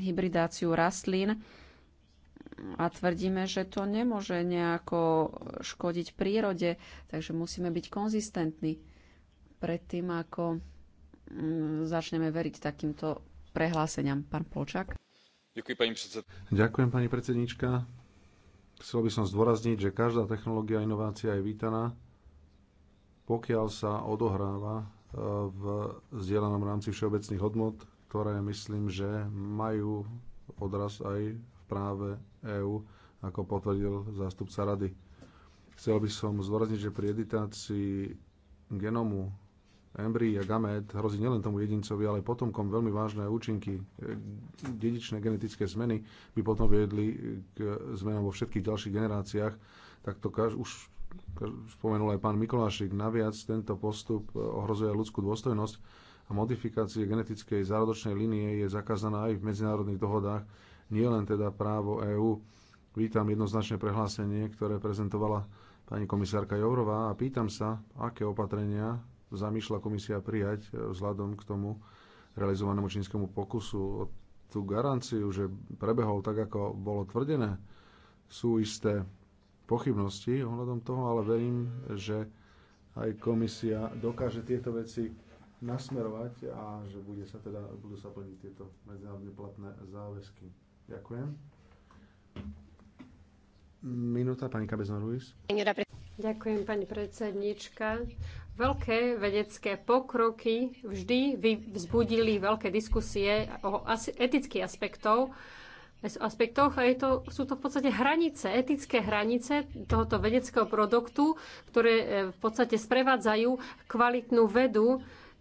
hybridáciu rastlín a tvrdíme, že to nemôže nejako škodiť prírode, takže musíme byť konzistentní predtým, ako mm, začneme veriť takýmto prehláseniam. Pán Polčák. Ďakujem pani, Ďakujem, pani predsednička. Chcel by som zdôrazniť, že každá technológia a inovácia je vítaná, pokiaľ sa odohráva e, v zdieľanom rámci všeobecných hodnot, ktoré myslím, že majú odraz aj v práve EÚ, ako potvrdil zástupca rady. Chcel by som zvorazniť, že pri editácii genomu embry a gamet hrozí nielen tomu jedincovi, ale potomkom veľmi vážne účinky. E, dedičné genetické zmeny by potom viedli k zmenám vo všetkých ďalších generáciách. Tak to kaž, už kaž, spomenul aj pán Mikolášik. Naviac tento postup e, ohrozuje ľudskú dôstojnosť a modifikácie genetickej zárodočnej línie je zakázaná aj v medzinárodných dohodách, nielen teda právo EÚ. Vítam jednoznačné prehlásenie, ktoré prezentovala pani komisárka Jourová a pýtam sa, aké opatrenia zamýšľa komisia prijať e, vzhľadom k tomu realizovanému čínskemu pokusu o tú garanciu, že prebehol tak, ako bolo tvrdené. Sú isté pochybnosti ohľadom toho, ale verím, že aj komisia dokáže tieto veci nasmerovať a že bude sa teda, budú sa plniť tieto medzinárodne platné záväzky. Ďakujem. Minúta, pani Kabezon Ruiz. Ďakujem, pani predsednička. Veľké vedecké pokroky vždy vzbudili veľké diskusie o etických aspektov, aspektoch a je to, sú to v podstate hranice, etické hranice tohoto vedeckého produktu, ktoré eh, v podstate sprevádzajú kvalitnú vedu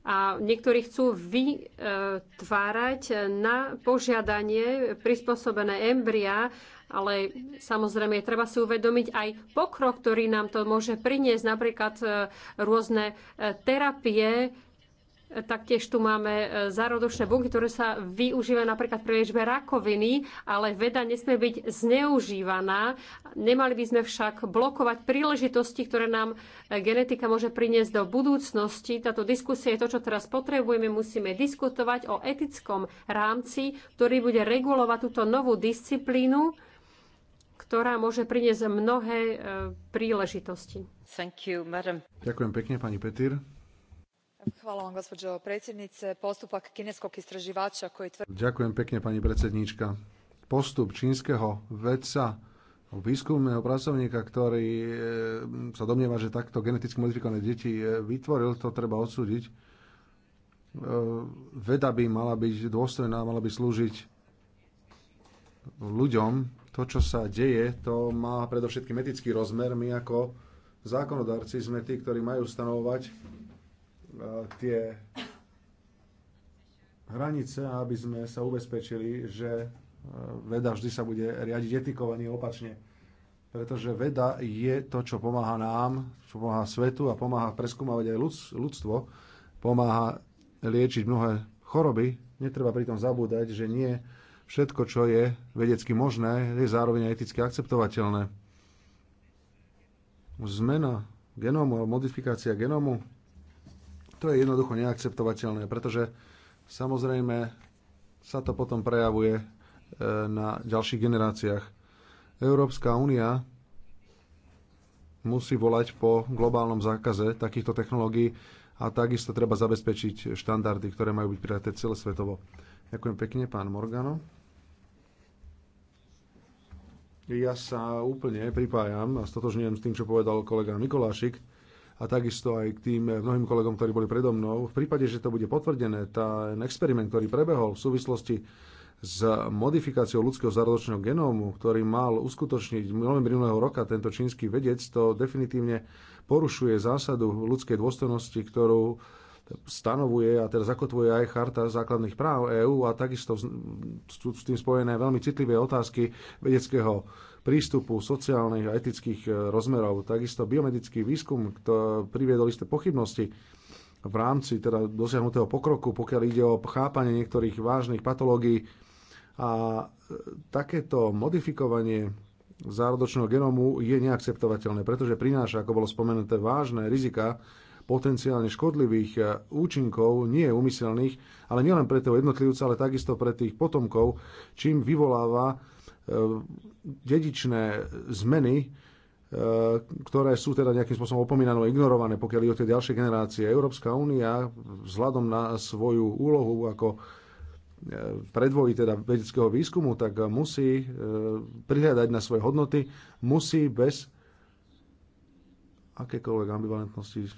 a niektorí chcú vytvárať na požiadanie prispôsobené embria, ale samozrejme treba si uvedomiť aj pokrok, ktorý nám to môže priniesť, napríklad e, rôzne e, terapie, Taktiež tu máme e, zárodočné bunky, ktoré sa využívajú napríklad pri liečbe rakoviny, ale veda nesmie byť zneužívaná. Nemali by sme však blokovať príležitosti, ktoré nám e, genetika môže priniesť do budúcnosti. Táto diskusia je to, čo teraz potrebujeme. Musíme diskutovať o etickom rámci, ktorý bude regulovať túto novú disciplínu, ktorá môže priniesť mnohé e, príležitosti. You, Ďakujem pekne, pani Petir. Ďakujem pekne, pani predsedníčka. Postup čínskeho vedca, výskumného pracovníka, ktorý eh, sa domnieva, že takto geneticky modifikované deti eh, vytvoril, to treba odsúdiť. Eh, veda by mala byť dôstojná, mala by slúžiť ľuďom. To, čo sa deje, to má predovšetkým etický rozmer. My ako zákonodarci sme tí, ktorí majú stanovovať tie hranice, aby sme sa ubezpečili, že veda vždy sa bude riadiť etikou a nie opačne. Pretože veda je to, čo pomáha nám, čo pomáha svetu a pomáha preskúmavať aj ľudstvo, pomáha liečiť mnohé choroby. Netreba pritom zabúdať, že nie všetko, čo je vedecky možné, je zároveň eticky akceptovateľné. Zmena genómu, modifikácia genómu, to je jednoducho neakceptovateľné, pretože samozrejme sa to potom prejavuje e, na ďalších generáciách. Európska únia musí volať po globálnom zákaze takýchto technológií a takisto treba zabezpečiť štandardy, ktoré majú byť prijaté celosvetovo. Ďakujem pekne, pán Morgano. Ja sa úplne pripájam a stotožňujem s tým, čo povedal kolega Mikolášik a takisto aj k tým eh, mnohým kolegom, ktorí boli predo mnou. V prípade, že to bude potvrdené, ten experiment, ktorý prebehol v súvislosti s modifikáciou ľudského zárodočného genómu, ktorý mal uskutočniť novembri minulého roka tento čínsky vedec, to definitívne porušuje zásadu ľudskej dôstojnosti, ktorú stanovuje a teda zakotvuje aj charta základných práv EÚ a takisto sú s tým spojené veľmi citlivé otázky vedeckého prístupu, sociálnych a etických e, rozmerov. Takisto biomedický výskum to priviedol isté pochybnosti v rámci teda dosiahnutého pokroku, pokiaľ ide o chápanie niektorých vážnych patológií a e, takéto modifikovanie zárodočného genómu je neakceptovateľné, pretože prináša, ako bolo spomenuté, vážne rizika potenciálne škodlivých eh, účinkov, nie umyselných, ale nielen pre toho jednotlivca, ale takisto pre tých potomkov, čím vyvoláva eh, dedičné zmeny, eh, ktoré sú teda nejakým spôsobom opomínané, ignorované, pokiaľ je o tie ďalšie generácie. Európska únia vzhľadom na svoju úlohu ako predvoji teda vedeckého výskumu, tak musí prihľadať na svoje hodnoty, musí bez akékoľvek ambivalentnosti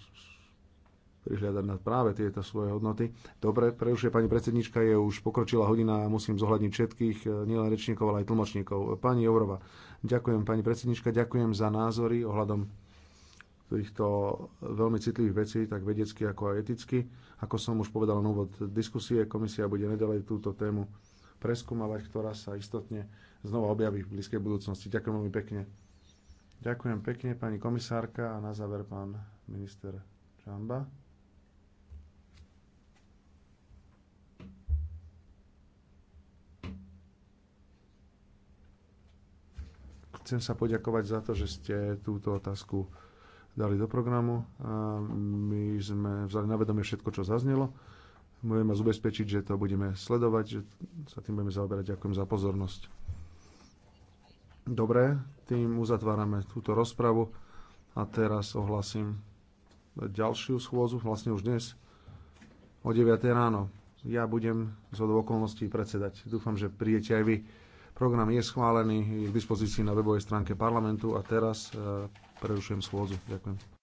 prihľadať na práve tieto svoje hodnoty. Dobre, prerušuje pani predsednička, je už pokročila hodina a musím zohľadniť všetkých, e, nielen rečníkov, ale aj tlmočníkov. Pani Jourova, ďakujem pani predsednička, ďakujem za názory ohľadom týchto veľmi citlivých vecí, tak vedecky ako aj eticky. Ako som už povedal na úvod diskusie, komisia bude nedalej túto tému preskúmavať, ktorá sa istotne znova objaví v blízkej budúcnosti. Ďakujem veľmi pekne. Ďakujem pekne, pani komisárka a na záver pán minister Čamba. Chcem sa poďakovať za to, že ste túto otázku dali do programu. A my sme vzali na vedomie všetko, čo zaznelo. Môžem vás ubezpečiť, že to budeme sledovať, že sa tým budeme zaoberať. Ďakujem za pozornosť. Dobre, tým uzatvárame túto rozpravu a teraz ohlasím ďalšiu schôzu, vlastne už dnes o 9. ráno. Ja budem z okolností predsedať. Dúfam, že príjete aj vy. Program je schválený, je k dispozícii na webovej stránke parlamentu a teraz eh, prerušujem schôdzu. Ďakujem.